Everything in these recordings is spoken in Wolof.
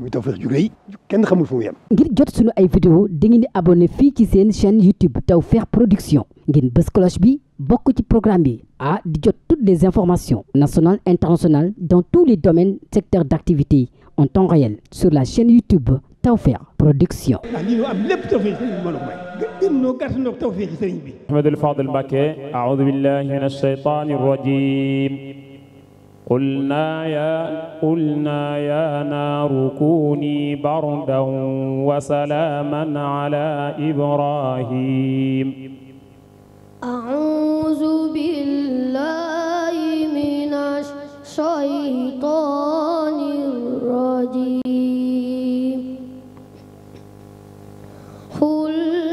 muy Tawfekh ju rëy kenn xamul fu mu yem. ngir jot sunu ay vidéo dangeen di abonné fii ci seen chaîne YouTube Tawfekh Production ngeen bës bi bokk ci programme bi di jot toutes les informations nationales internationales dans tous les domaines secteurs d'activité en temps réel sur la chaîne YouTube Tawfekh Production. ah lii am lépp tawfeex ci sëriñ bi mbooloo mooy. gën ñoo gàtt ñoo tawfeex ci sëriñ bi. Mouhamadou Fadel Mbacké. a'uuzu billahi minash قلنا يا قلنا يا نار كوني بردا وسلاما على إبراهيم أعوذ بالله من الشيطان الرجيم قل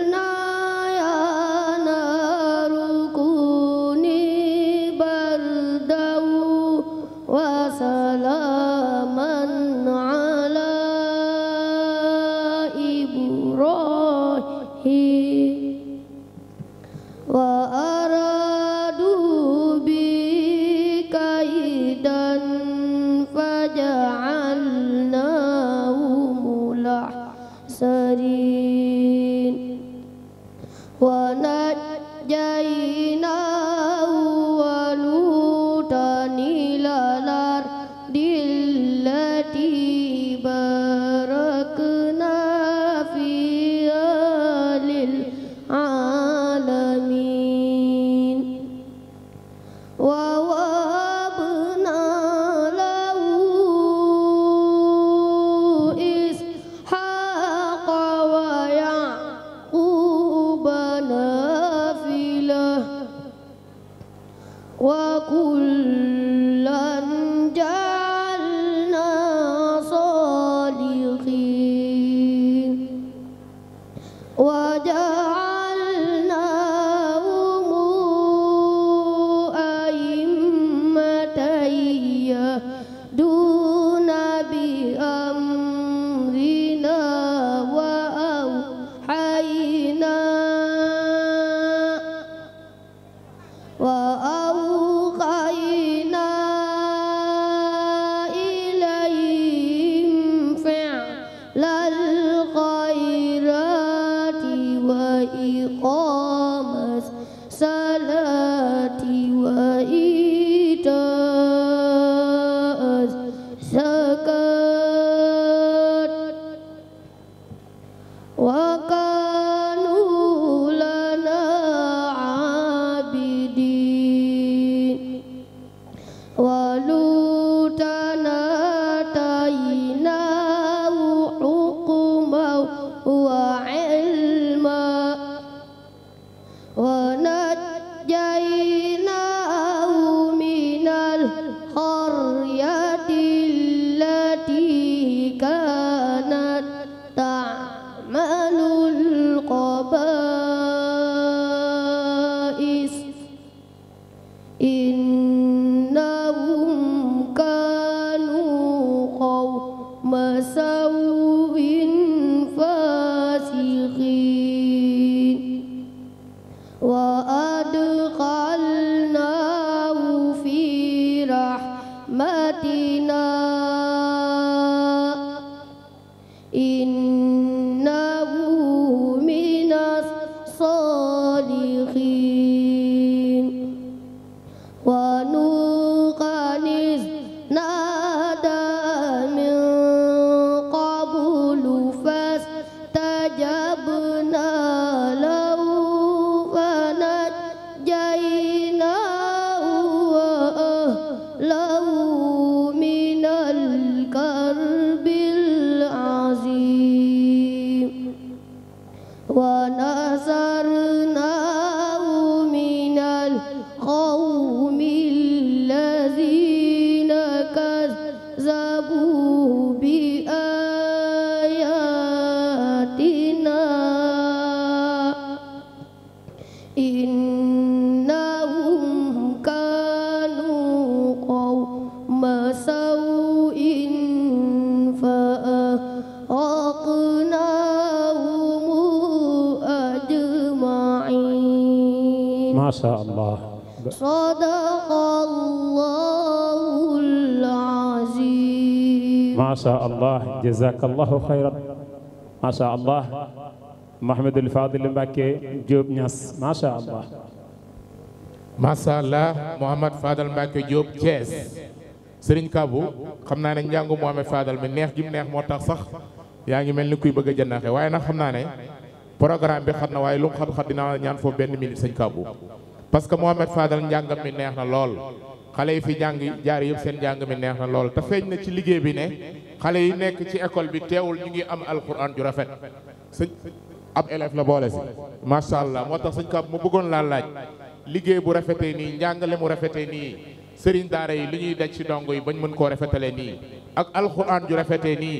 macha allah jazakallahu xayran macha allah Mouhamadul Fadil Mbacke Diop Niass macha allah. macha allah Mouhamad Fadal Mbacke Diop Thiès. Serigne Kabou xam naa ne njàngu Mouhamad Fadal mi neex gi mu neex moo tax sax yaa ngi mel ni kuy bëgg a jëndaaxee waaye nag xam naa ne programme bi xat na waaye lu mu xat-xat ñaan foofu benn minute sëñ Kabou. parce que Mouhamad njàngam mi neex na lool. xale yi fi jàng jaar yëpp seen jàng mi neex na lool te feeñ na ci liggéey bi ne xale yi nekk ci école bi teewul ñu ngi am alquran ju rafet sëñ ab élève la boole si macha allah moo tax sëñ Kab mu bëggoon laa laaj liggéey bu rafetee nii njàngale mu rafetee nii sëriñ daara yi li ñuy daj ci dongo yi bañ mën koo rafetalee nii ak alquran ju rafetee nii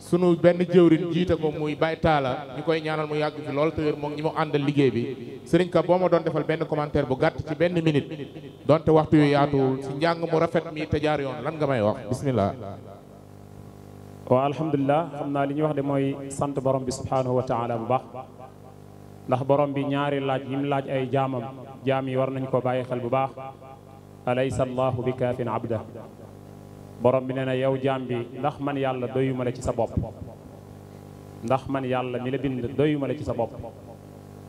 sunu benn jëwrin jiite moom muy Baye Talla ñu koy ñaanal mu yàgg fi lool te wér moom ñi mu àndal liggéey bi sëriñ Ka boo ma doon defal benn commentaire bu gàtt ci benn minute donte waxtu yu yaatu si njàng mu rafet mi te jaar yoon lan nga may wax bismillah waaw alhamdulilah xam naa li ñuy wax di mooy sant borom bi subhanahu wa taala bu baax ndax borom bi ñaari laaj yi laaj ay jaamam jaam yi war nañ ko bàyyi xel bu baax alaysa allahu bi kaafin abda borom bi ne na yow jaam bi ndax man yàlla doyuma la ci sa bopp ndax man yàlla mi la bind doyuma la ci sa bopp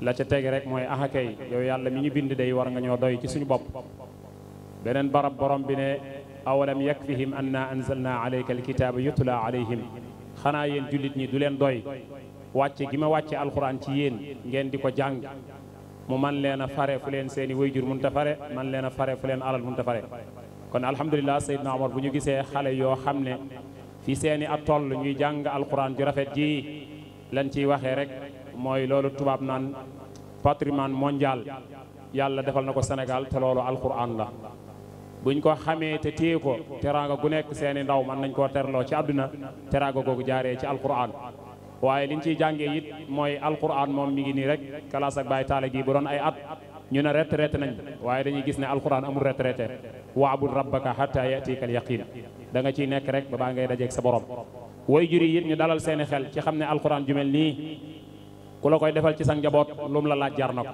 la ca teg rek mooy axakay yow yàlla mi ñu bind day war nga ñoo doy ci suñu bopp beneen barab borom bi ne awalam naa anna anzalna alayka alkitaaba yutla alayhim xanaa yéen jullit ñi du leen doy wàcce gi ma wàcce alxuraan ci yéen ngeen di ko jàng mu man leen a fare fu leen seeni wayjur mun ta fare man leen a fare fu leen alal mun ta kon alhamdulilah Seydina Omar bu ñu gisee xale yoo xam ne fi seeni at toll ñuy jàng alquran ju rafet jii lan ciy waxee rek mooy loolu tubaab naan patrimoine mondial yàlla defal na ko Sénégal te loolu alquran la buñ ko xamee te téye ko teraanga gu nekk seeni ndaw mën nañ koo terloo ci àdduna teraanga googu jaaree ci alquran waaye liñ ciy jàngee it mooy alquran moom mi ngi nii rek kalaas ak bàyyi taale gi bu doon ay at ñu ne retraité nañ waaye dañuy gis ne alxuraan amul retraité waabud rabbaka hatta yatika al yaqin da nga ciy nekk rek ba baa ngay dajeeg sa borom way juri it ñu dalal seeni xel ci xam ne alxuraan ju mel nii ku la koy defal ci sa njaboot lum la laaj jar na ko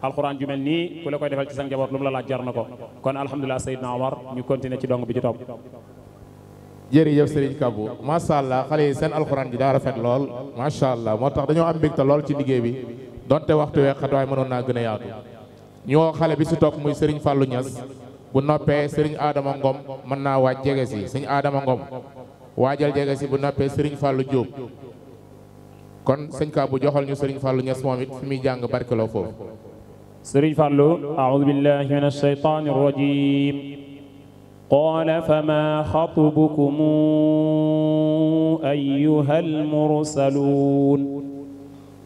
alxuraan ju nii ku la koy defal ci sa njaboot lum la laaj jar na ko kon alhamdulilah Seydina Omar ñu continuer ci dong bi ci topp jërëjëf Serigne Kabou macha allah xale yi seen alxuraan ji daa rafet lool macha allah moo tax dañoo lool ci liggéey bi donte waxtu wee xat waaye mënoon naa gën a yaatu ñoo xale bi si muy Serigne Fallou Niass bu noppee Serigne Adama Ngom mën naa waaj jege si Serigne Adama Ngom waajal jege bu noppee Serigne Fallou Diop kon sëñ ka bu joxal ñu Serigne Fallou Niass moom it fi muy jàng barkeloo foofu Serigne Fallou a'udhu billahi minash shaytanir rajim قال فما خطبكم أيها المرسلون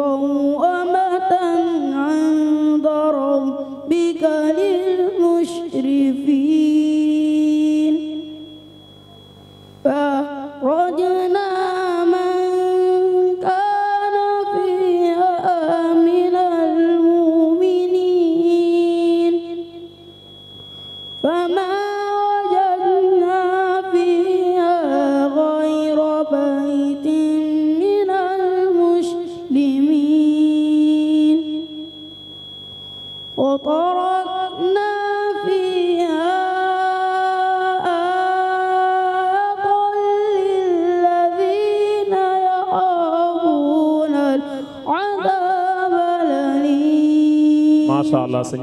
صوم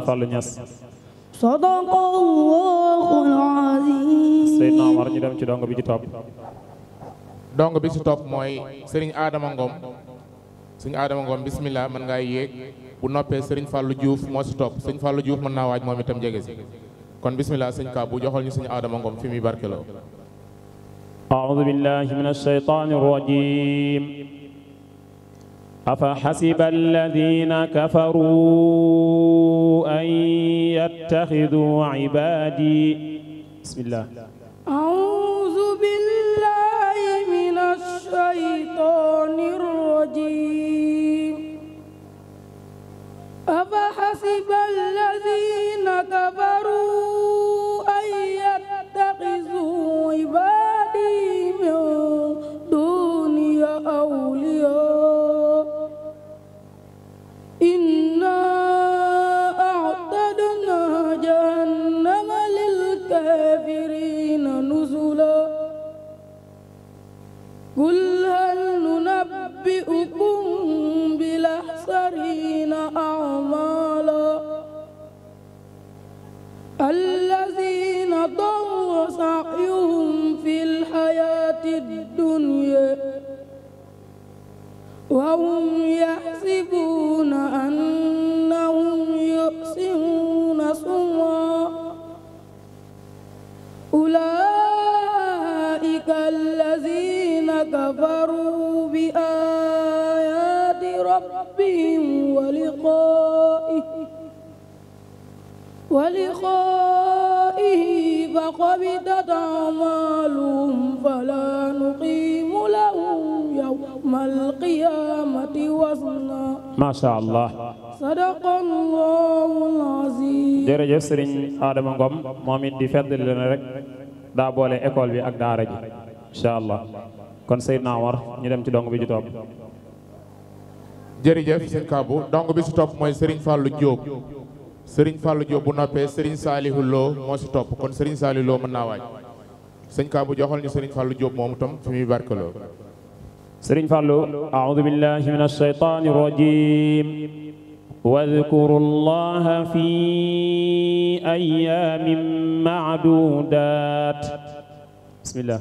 Fallou Niass. sadaqallahul azim. Seydina Omar ñu dem ci dong bi ci topp. dong bi ci topp mooy Serigne Adama Ngom. Serigne Adama Ngom bismillah mën ngaa yéeg bu noppee sëriñ Fallou Diouf moo ci topp Serigne Fallou Diouf mën naa waaj moom itam jege si. kon bismillah sëñ ka bu joxal ñu Serigne Adama Ngom fi muy barkeloo. a'uuzu billahi minash shaytaanir rajiim. أفحسب الذين كفروا أن يتخذوا عبادي بسم الله أعوذ بالله من الشيطان الرجيم أفحسب الذين كفروا وهم يحسبون أنهم يحسنون صنعا أولئك الذين كفروا بآيات ربهم ولقائه ولقائه فقبضت أعمالهم فلا yawmal sëriñ wasna. Adama Ngom moom it di fedd leen rek daa boole école bi ak daara ji incha allah kon Seydina Omar ñu dem ci dong bi ci topp. jërëjëf sëñ Kabou dong bi si topp mooy sëriñ Fallou Diop. Serigne Fallou Diop bu noppee Serigne Salihou Lo moo si topp kon Serigne Salihou Lo mën naa sëñ Kabou joxal ñu Serigne Fallou Diop moom itam fi muy barkeloo. Sëriñ Fallu a'uudu billaahi mina shaytaani rajiim wadkuru llaaha fi ayyaamin ma'duudaat bismillaah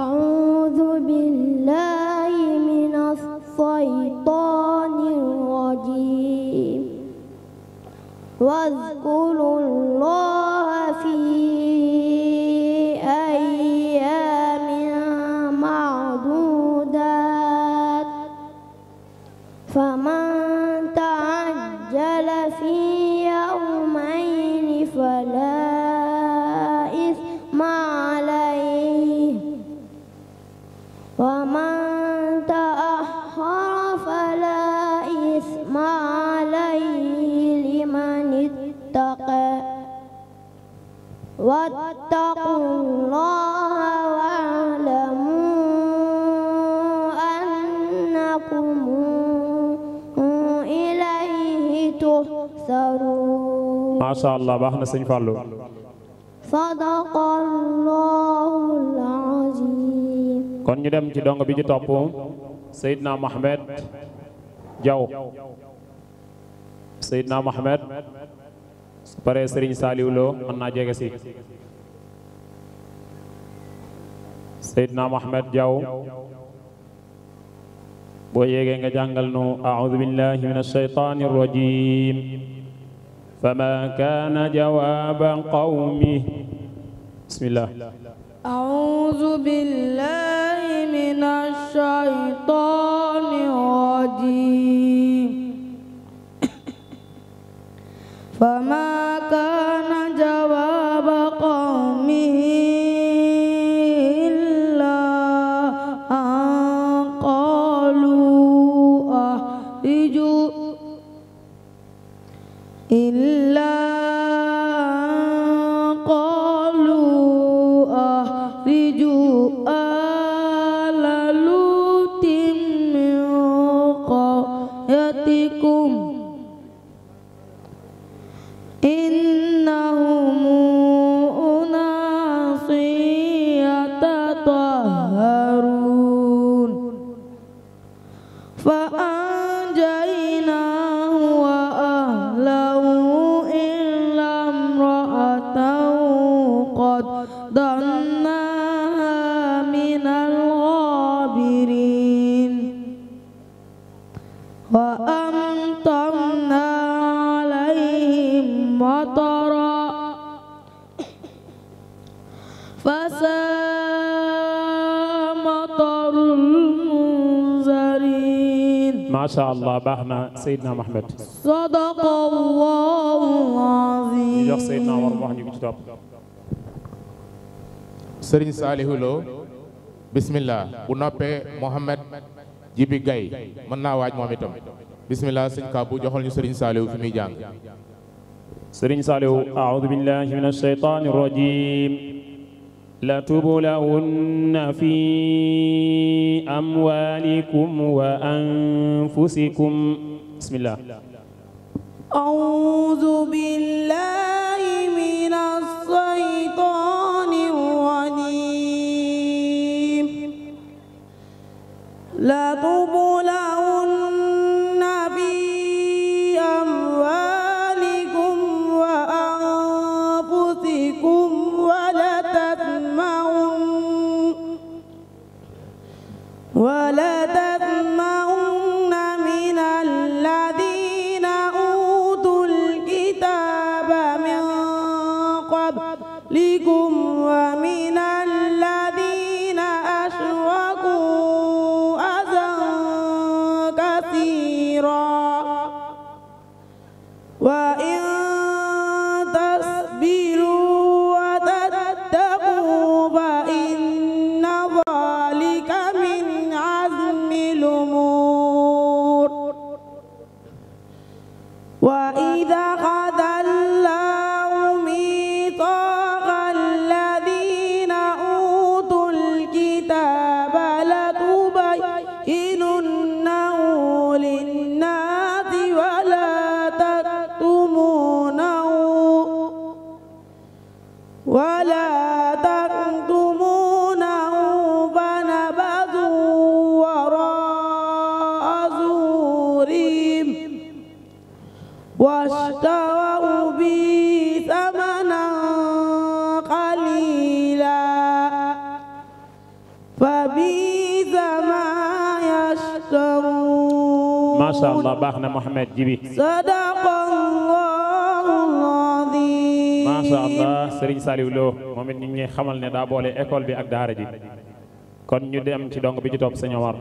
a'uudu billaahi mina shaytaani rajiim wadkuru llaaha fi macha allah baax na sëñ Fallou. sadaqallahul kon ñu dem ci dong bi ci topp Seydina Mohamed Diaw. Seydina Mohamed. su paree Serigne Saliou Lo mën naa jege si. Seydina Mohamed Diaw. boo yéegee nga jàngal nu a'uudu billahi min ash-shaytaani فما كان جواب قومه بسم الله أعوذ بالله من الشيطان الرجيم فما macha allah baax na Seydina Mohamed. ñu jox Seydina war wax ñu ko ci topp. Serigne Salihu Lo. bismillah bu noppee Mohamed Jibi Gaye mën naa waaj moom itam. bismillah sëñ Kaabu joxal ñu Serigne Salihu fi muy jàng. Serigne Salihu. aoudu billahi min acheytaani rajim. لتبلون في أموالكم وأنفسكم بسم الله أعوذ بالله من الشيطان الرجيم لتبلون منكم ومن allah baax na Mouhamed Jibi. macha allah Serigne Saliou Lo moom it ñu ngi xamal ne daa boole école bi ak daara ji. kon ñu dem ci dong bi ci topp sëñ Omar.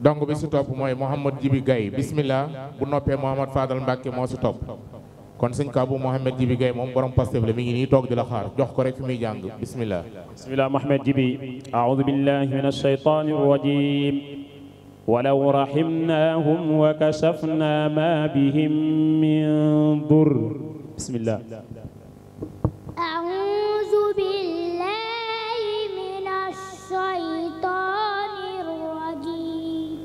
dong bi si topp mooy Mouhamed Jibi Gaye bismillah bu noppee Mouhamed Fadal Mbacke moo si topp. kon sëñ Kaabu Mouhamed Jibi Gaye moom borom Pastef la mi ngi nii toog di la xaar jox ko rek fi muy jàng bismillah. bismillah Mouhamed Jibi. a'uudu billahi minash shaytaani rajiim. ولو رحمناهم وكشفنا ما بهم من ضر بسم الله أعوذ بالله من الشيطان الرجيم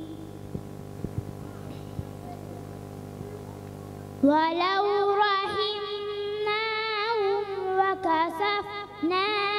ولو رحمناهم وكشفنا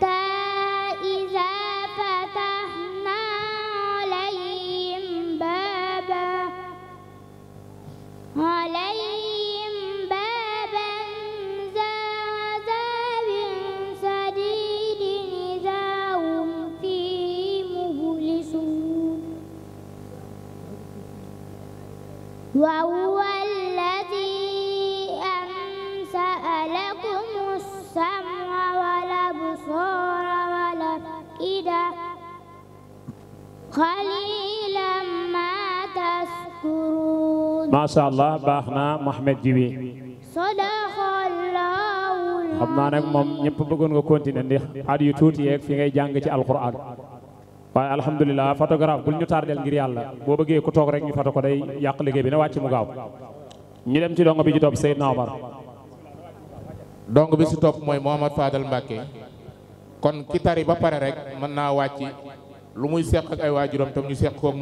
macha allah baax na Mouhamed Jibi xam naa nag moom ñëpp bëggoon nga continuer ndax at yu tuuti yeeg fi ngay jàng ci alquran waaye alhamdulilah photographe bul ñu tardel ngir yàlla boo bëggee ku toog rek ñu foto ko day yàq liggéey bi na wàcc mu gaaw ñu dem ci dongo bi ci topp Seydina Omar dongo bi si topp mooy Mohamad Fadal Mbacke kon ki tari ba pare rek mën naa wàcc lu muy seq ak ay waajuram tam ñu seq koog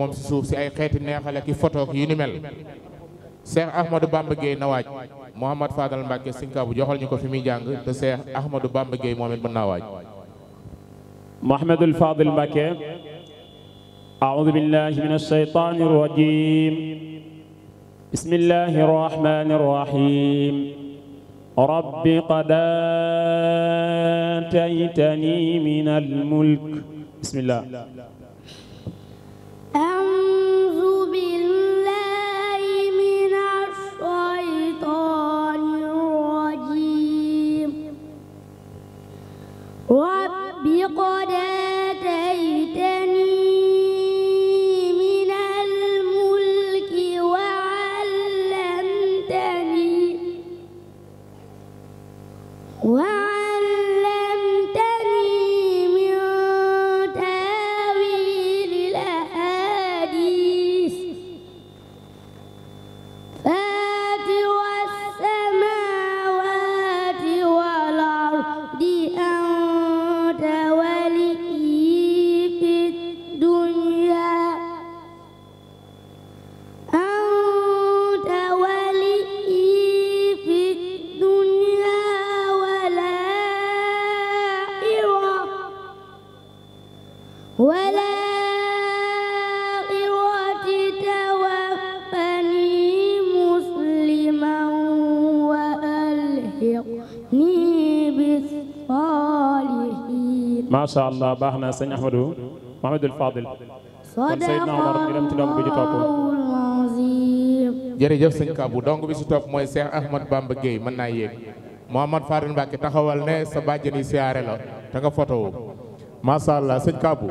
Cheikh Ahmadou Bamba Gueye na waaj Mouhamad Fadal Mbacke Singkaabu joxal ñu ko fi muy jàng te Cheikh Ahmadou Bamba Gueye moom it mën naa waaj Mouhamadul Fadal Mbacke أعوذ بالله من الشيطان الرجيم بسم الله الرحمن الرحيم رب قد آتيتني من الملك بسم الله وَبِقَدَرٍ macha allah baax na sëñ Ahmadou Mouhamadul Fadil kon Seydina Omar ñu dem ci bi ci topp. jërëjëf sëñ Kabou dong bi si topp mooy Cheikh Ahmad Bamba Gueye mën naa yéeg Mouhamad Fadil Mbacke taxawal ne sa bàjjen yi siyaare la te nga foto woo macha allah sëñ Kabou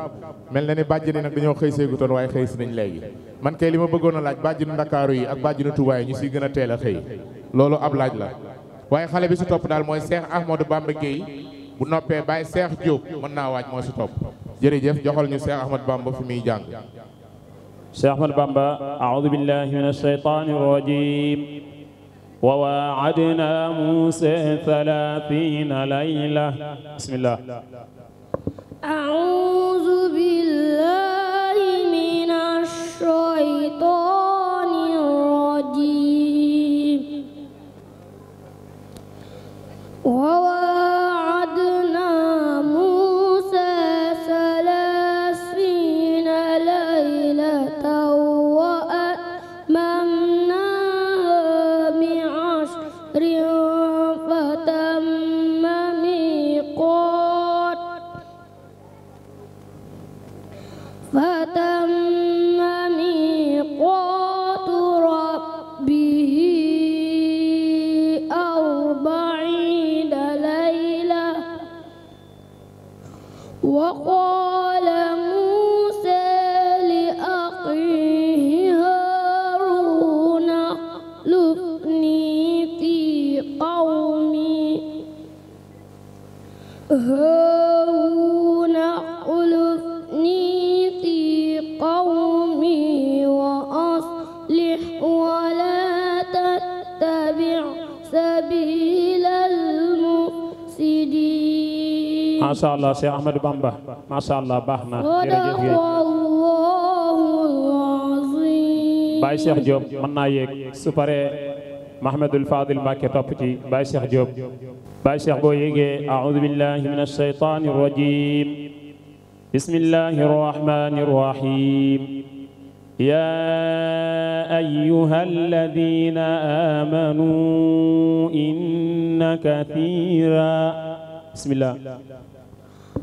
mel na ni bàjjen yi nag dañoo xëy seegutoon waaye xëy si nañ léegi. man kay li ma bëggoon a laaj bàjjenu Ndakaaru yi ak bàjjenu Touba ñu siy gën a teel a xëy loolu ab laaj la waaye xale bi si topp daal mooy Cheikh Ahmadou Bamba Gueye bu noppee bàyyi Seex Jóob mën naa waaj moo si topp jërëjëf ñu Seex Ahmad Bamba fi muy jàng Seex Ahmad Bamba a'uudu billahi min ash-shaytaani rajiim wa waa'adnaa Muusaa thalaathiina layla bismillah macha allah Cheikh Ahmadou Bamba macha allah baax na jërëjëf yéen Baye Cheikh Diop mën naa yéeg su paree Mahmadul Fadil Mbacke topp ci Baye Cheikh Diop. Baye Cheikh boo yéegee aoudu billahi min ashaytani rajim bismillahi rahmani rahim يا أيها الذين آمنوا إن كثيرا بسم الله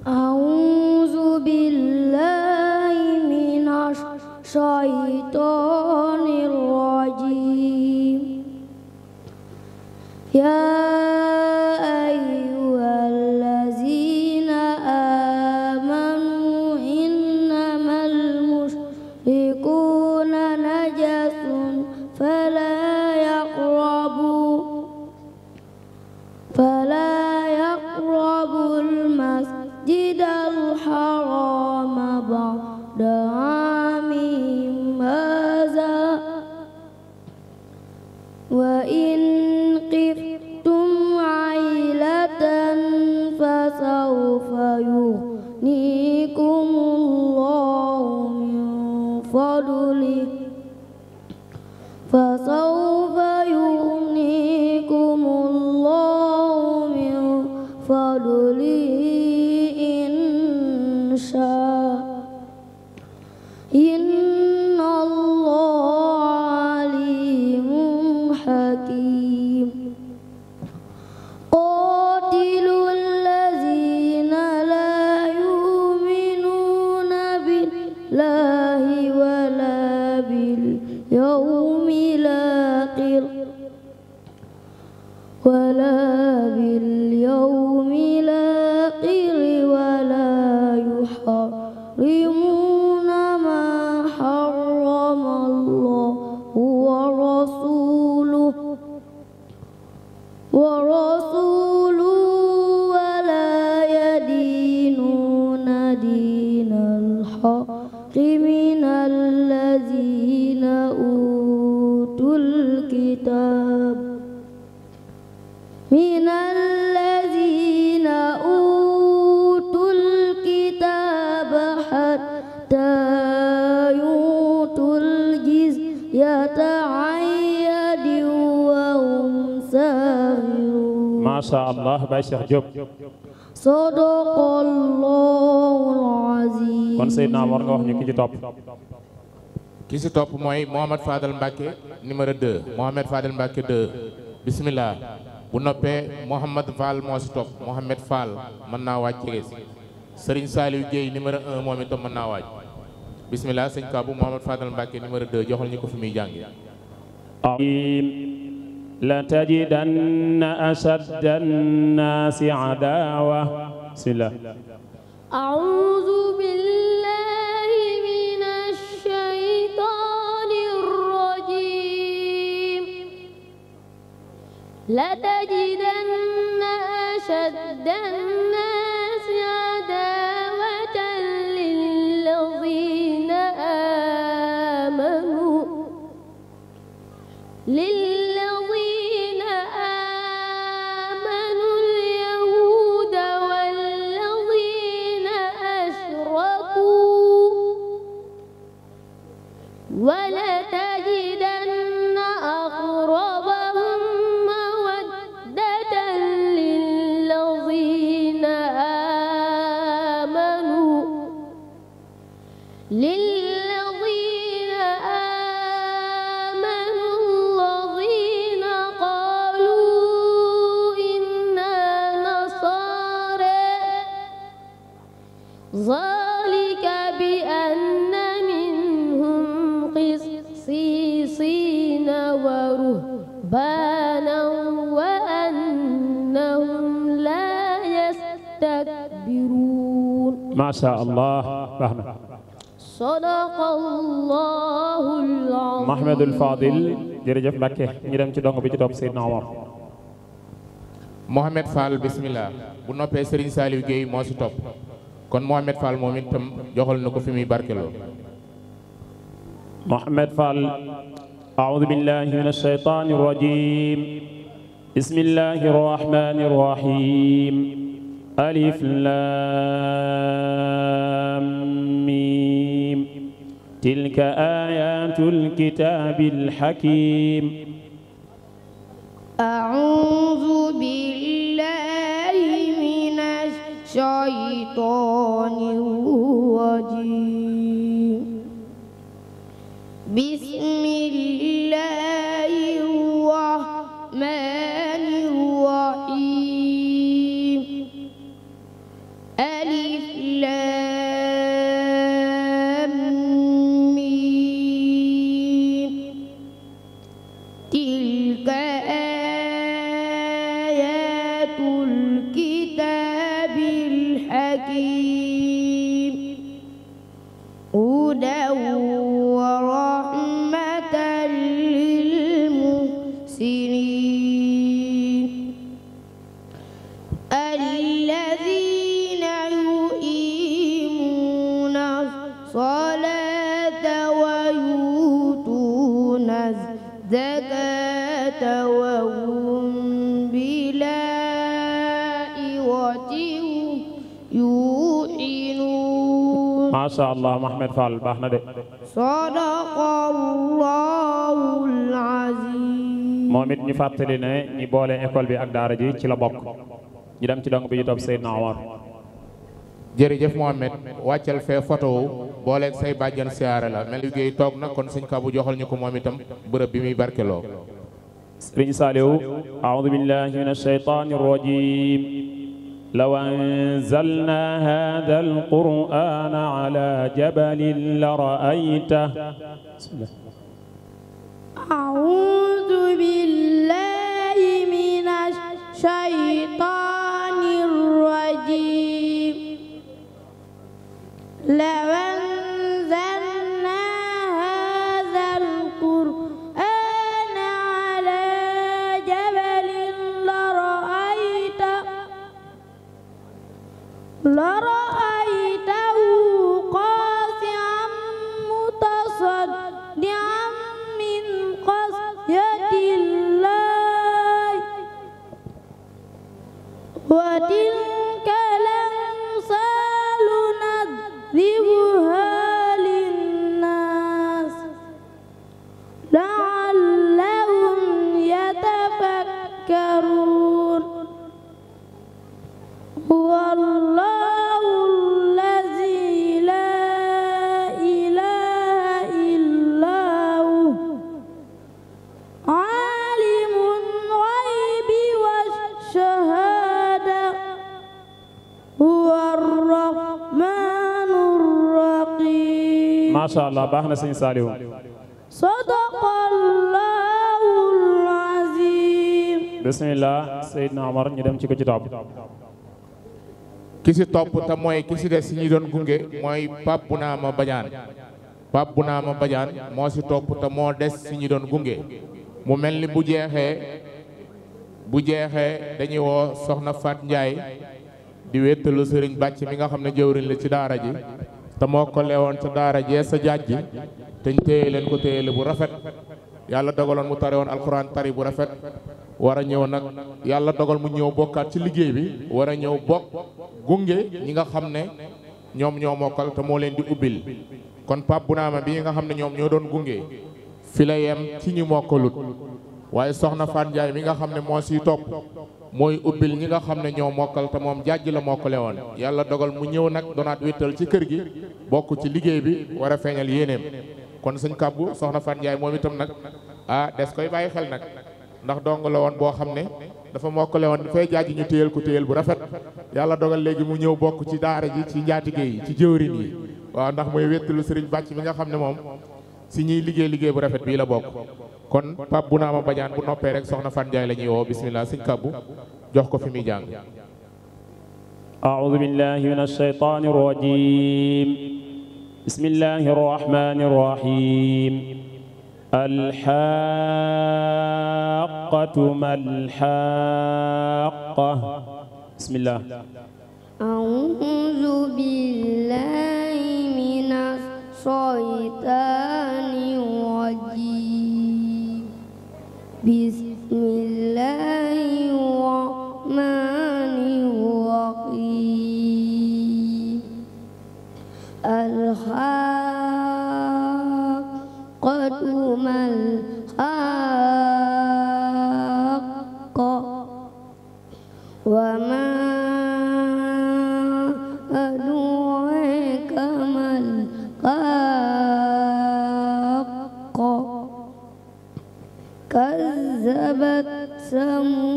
أعوذ بالله من الشيطان الرجيم يا macha allah Baye Cheikh Diop. sadaqallahul azim. kon Seydina war nga wax ñu ki ci topp. ki ci topp mooy Mohamed Fadel Mbacke numéro 2 Mohamed Fadel Mbacke 2 bismillah bu noppee Mohamed Fall moo ci topp Mohamed Fall mën naa waaj Cees Serigne Saliou Guèye numéro 1 moom itam mën naa waaj bismillah sëñ Kabou Mohamed Fadel Mbacke numéro 2 joxal ko fi muy jàngi. لتجدن أشد الناس عداوة سلا أعوذ بالله من الشيطان الرجيم لتجدن أشد الناس عداوة للذين آمنوا للذين sha allah baax na sadaqallaahu Mahmadul Fadil jërëjëf Mbàkke ñu dem ci dong bi ci topp Seydina Omar Mohamed Fall bismillah bu noppee Serigne Saliou Guèye moo si topp kon Mohamed Fall moom itam joxal na ko fi muy barkeloo Mohamed Fall aoudu billahi min alsheytani irrajim bismillahi arrahmani irrahim alif lam تلك آيات الكتاب الحكيم أعوذ بالله من الشيطان الرجيم بسم macha allah Mouhamed Fall baax na de. sadaqallahul azim. moom it ñu fàttali ne ñi boole école bi ak daara ji ci la bokk. ñu dem ci dong bi ñu topp Seydina Omar. jërëjëf Mohamed wàccal fee photo booleeg say bàjjan siyaare la mel liggéey toog na kon sëñ Kaabu joxal ñu ko moom itam bërëb bi muy barkeloo. Sëriñ Saliou. aoudu billahi min acheytaani rajim. لو أنزلنا هذا القرآن على جبل لرأيته أعوذ بالله من الشيطان الرجيم لو loro macha baax na sëñ Saliou. sadaqallaahul aziim. ñu dem ci ko ci topp. ki si topp te mooy ki si des si ñi doon gunge mooy Pape Bounama Badiane. Pape Bounama Badiane moo si topp te moo des si ñi doon gunge. mu mel ni bu jeexee bu jeexee dañuy woo Soxna Fat Ndiaye di wéttalu sëriñ bàcc mi nga xam ne jëwriñ la ci daara ji. te moo ko leewoon sa daara jee sa jaaj ji te téye leen ko téyele bu rafet yàlla dogaloon mu tari woon alxuraan tari bu rafet war a ñëw nag yàlla dogal mu ñëw bokkaat ci liggéey bi war a ñëw bokk gunge ñi nga xam ne ñoom ñoo mokkal te moo leen di ubbil kon bu naa ma bi nga xam ne ñoom ñoo doon gunge fi la yem ci ñi mokkalut waaye soxna Fat Ndiaye mi nga xam ne moo siy topp mooy ubbil ñi nga xam ne ñoo mokkal te moom jàjj la mokkale woon yàlla dogal mu ñëw nag donaat wéttal ci kër gi bokku ci liggéey bi war a feeñal yéeneem kon sëñ kàbbu soxna Faat Njaay moom itam nag ah des koy bàyyi xel nag ndax dong la woon boo xam ne dafa mokkale woon fay jàjj ñu téyal ko téyal bu rafet yàlla dogal léegi mu ñëw bokk ci daara ji ci njaatige yi ci jëwrin yi waa ndax mooy wéttalu sëriñ bàcc mi nga xam ne moom si ñuy liggéey liggéey bu rafet bii la bokk kon Pape bu naa ma bajaan bu noppee rek soxna Fan Njaay la ñuy woo bismillah sëñ Kabbu jox ko fi muy jàng أعوذ بالله من الشيطان الرجيم بسم الله الرحمن الرحيم الحاقة ما الحاقة بسم الله أعوذ بالله من الشيطان الرجيم بسم الله الرحمن الرحيم الحاقة ما الحاقة وما سمو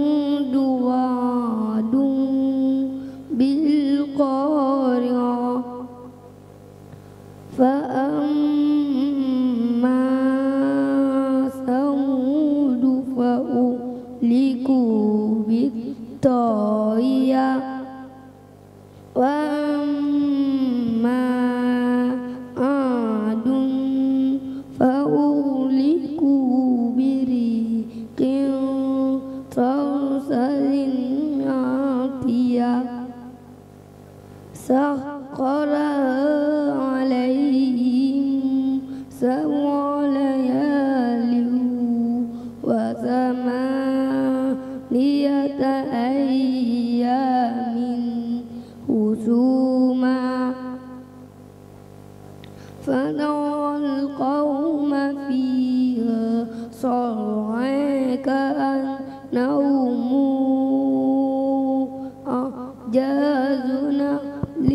نوم أعجاز نخل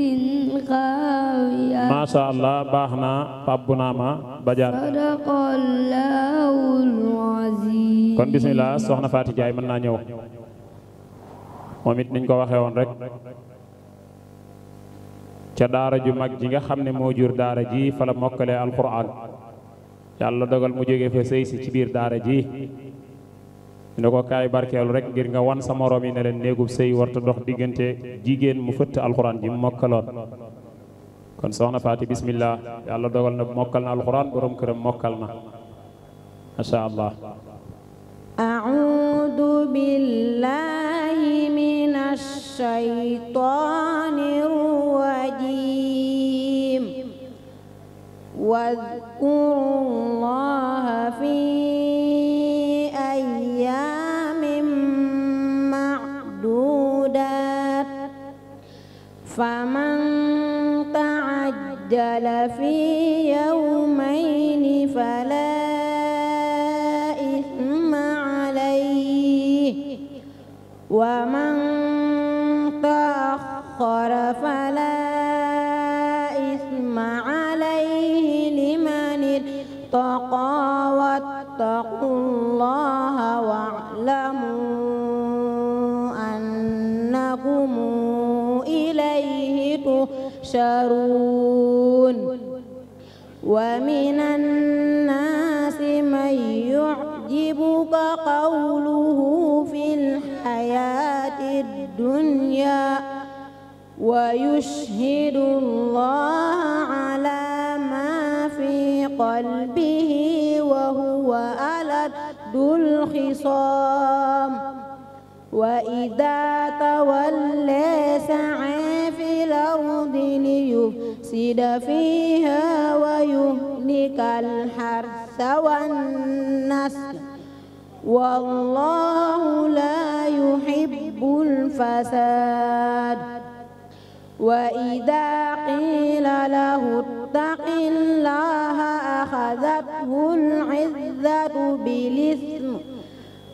خاوية ما شاء الله baaxna Pape Bounama Badiane sadaqallahul aziim kon bismillah soxna Fatou Ndiaye mën naa ñëw moom it niñ ko waxe woon rek ca daara ju mag ji nga xam ne moo jur daara ji fala la mokkale alquran yàlla dogal mu jógee fa sëy si ci biir daara ji ñu ne ko kaay barkeelu rek ngir nga wan sa morom yi ne leen néegub sëy warta dox diggante jigéen mu fëtt alxuraan ji mokkaloon kon soxna Faati bismillah yàlla dogal na mokkal na alxuraan borom këram mokkal na macha allah a'uudu billahi minash shaytaanir rajiim wadhkurullaha fi فمن تعجل في يومين فلا إثم عليه ومن يسخرون ومن الناس من يعجبك قوله في الحياة الدنيا ويشهد الله على ما في قلبه وهو ألد الخصام وإذا تولى سعى يفسد فيها ويهلك الحرث والنسل والله لا يحب الفساد وإذا قيل له اتق الله أخذته العزة بالإثم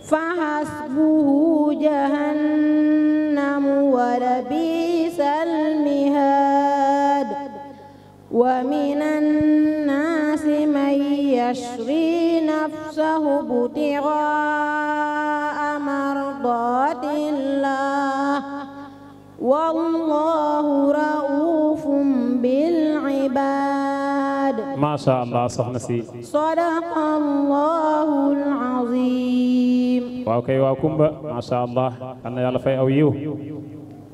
فحسبه جهنم ولبئس ومن الناس من يشري نفسه ابتغاء مرضات الله والله رؤوف بالعباد ما شاء الله soxna si sadaqallahu al-azim waaw kay waaw kumba ma sha Allah yàlla fay aw yiw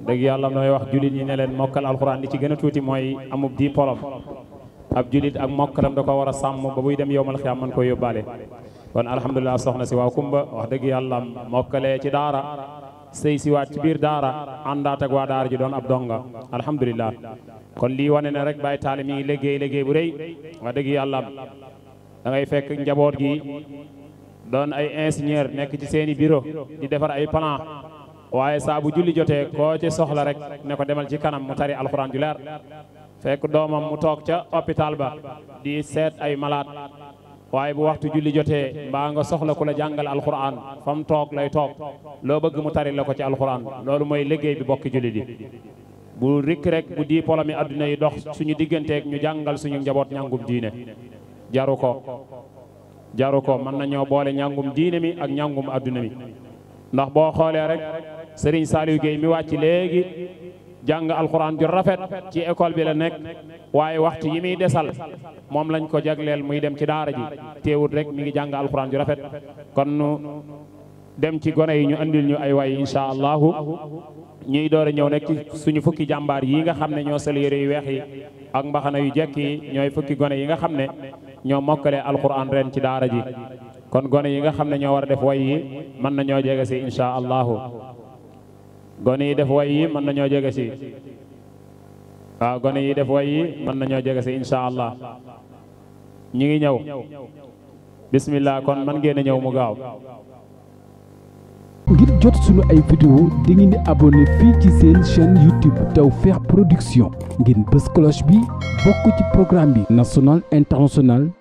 dëgg yàlla nooy wax jullit ñi ne leen mokkal alxuraan li ci gën a tuuti mooy amub diplôme ab jullit ak mokkalam da ko war a sàmm ba buy dem yowmal xiyaam man koy yóbbaale kon alhamdulilah soxna si waaw kumba wax dëgg yàlla mokkalee ci daara sëy si waat ci biir daara àndaat ak waa daara ji doon ab donga alhamdulilah kon lii wane ne rek bàyyi taali mi ngi liggéey liggéey bu rëy wax dëgg yàlla da ngay fekk njaboot gi doon ay ingénieur nekk ci seeni waaye saa bu julli jotee koo ci soxla rek ne ko demal ci kanam mu tari alxuraan ju leer fekk doomam mu toog ca hôpital ba di seet ay malaat waaye bu waxtu julli jotee mbaa nga soxla ku la jàngal alxuraan fa mu toog lay toog loo bëgg mu tari la ko ci alxuraan loolu mooy liggéey bi bokki julli di bu rikk rek bu di polomi adduna yi dox suñu digganteek ñu jàngal suñu njaboot ñàngum diine jaru ko jaru ko mën nañoo boole ñàngum diine mi ak ñàngum adduna Serigne Saliou Gueye mi wàcc léegi jàng alxuraan ju rafet ci école bi la nekk waaye waxtu yi muy desal moom lañ ko jagleel muy dem ci daara ji teewut rek mi ngi jàng alxuraan ju rafet kon nu dem ci gone yi ñu andil ñu ay waay incha allahu ñuy door ñëw nag suñu fukki jàmbaar yi nga xam ne ñoo sol yére yu weex yi ak mbaxana yu jekk yi ñooy fukki gone yi nga xam ne ñoo mokkale alxuraan ren ci daara ji kon gone yi nga xam ne ñoo war a def way gone yi def way yi mën nañoo jege si waaw gone yi def way yi mën nañoo jege si incha allah ñi ngi ñëw bismillah kon man génn ñëw mu gaaw ngir jot sunu ay vidéo di ngeen di abonné fii ci seen chaîne YouTube Tawfekh Production ngeen bës cloche bi bokk ci programme bi national international